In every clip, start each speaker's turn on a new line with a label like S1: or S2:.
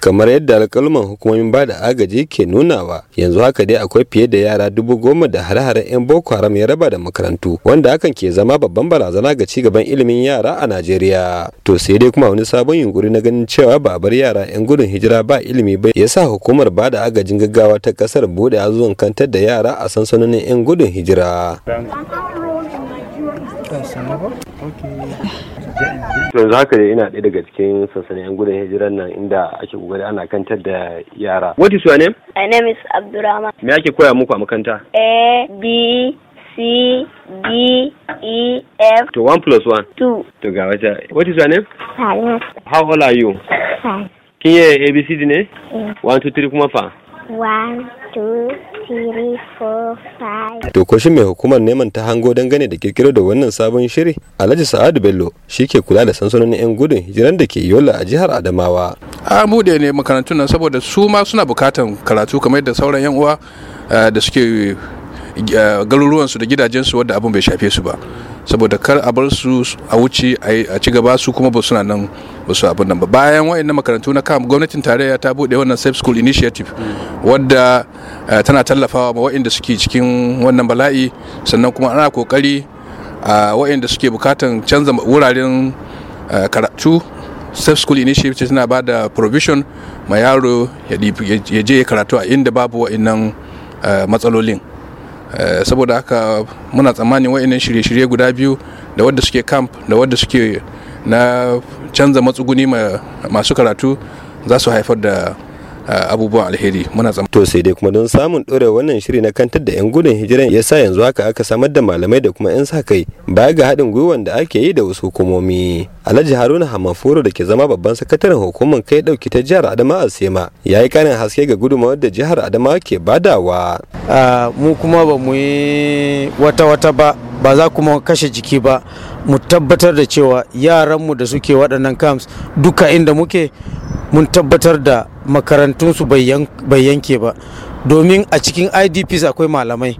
S1: kamar yadda alkaluman hukumomin ba da agaji ke nunawa yanzu haka dai akwai fiye da yara dubu goma da hare-haren 'yan boko haram ya raba da makarantu wanda hakan ke zama babban barazana ga cigaban ilimin yara a najeriya to sai dai kuma wani sabon yunkuri na ganin cewa ba bar yara 'yan gudun hijira ba ilimi ba ya sa hukumar ba da agajin gaggawa ta kasar bude azuwan kantar da yara a sansanonin 'yan gudun hijira yanzu haka ne ina ɗaya daga cikin sansanin yan gudun hijiran nan inda ake kokari ana kantar da yara what is your name
S2: my name is abdurrahman
S1: me ake koya muku a makanta
S2: a b C D E F.
S1: To one plus one. Two. To ga wata. What is your name? Salma. How old are you? Five. Kin yi ABCD ne? Eh. One, two, three kuma fa? One, To ko shi mai hukumar neman ta hango dangane da kirkiro da wannan sabon shiri? Alhaji Sa'adu Bello shi ke kula da sansanonin 'yan gudun hijiran da ke Yola a jihar Adamawa.
S3: An bude ne makarantun nan saboda su ma suna bukatan karatu kamar yadda sauran 'yan uwa eh, da suke eh, garuruwansu da gidajensu wadda abin bai shafe su ba. Saboda kar a bar su a wuce a ci gaba su kuma ba suna nan wasu abin nan ba bayan wayannan makarantu na kam gwamnatin tarayya ta bude wannan safe school initiative wadda eh, tana tallafawa ma wayanda suke cikin wannan bala'i sannan kuma ana kokari a wayanda suke bukatan canza wuraren eh, karatu safe school initiative tana ba da provision ma yaro ya je karatu a inda babu wayannan eh, matsalolin saboda haka muna tsammanin wa'annan shirye-shirye guda biyu da wadda suke camp da wadda suke na canza matsuguni masu karatu za su haifar da abubuwan alheri muna tsammanin. To sai dai kuma don samun ɗora wannan shiri na kantar da 'yan
S1: gudun hijiran ya sa yanzu haka aka samar da malamai da kuma 'yan sa kai ba ga haɗin gwiwan da ake yi da wasu hukumomi. Alhaji Haruna Hamafuro da ke zama babban sakataren hukumar kai ɗauki ta jihar adama Sema ya yi ƙarin haske ga gudunmawar da jihar Adama ke badawa.
S2: mu kuma ba mu yi wata wata ba ba za kuma kashe jiki ba mu tabbatar da cewa yaranmu da suke waɗannan camps duka inda muke mun tabbatar da makarantunsu bai yanke ba domin a cikin idps akwai malamai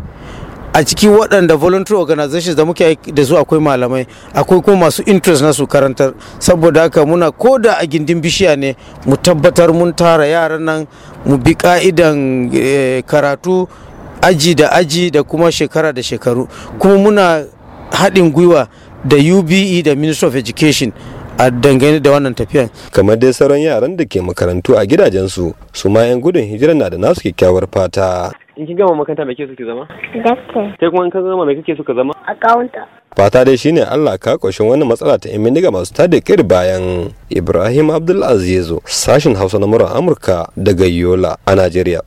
S2: a cikin waɗanda voluntary organizations da muke da su akwai malamai akwai kuma masu interest na su karantar saboda haka muna ko da a gindin bishiya ne mu tabbatar mun tara yaran nan mu bi ka'idan eh, karatu aji da aji da kuma shekara da shekaru kuma muna haɗin gwiwa da ube da ministry of education a dangane da wannan tafiyan.
S1: kamar dai sauran yaran da ke makarantu a gidajensu su ma 'yan gudun hijira na da nasu kyakkyawar fata in kin gama makaranta me kike so ki zama doctor kai kuma in ka zama me kake so zama accountant fata dai shine Allah ka koshin wannan matsala ta in bindiga masu tada kir bayan Ibrahim Abdul Aziz sashin Hausa na Amurka daga Yola a Najeriya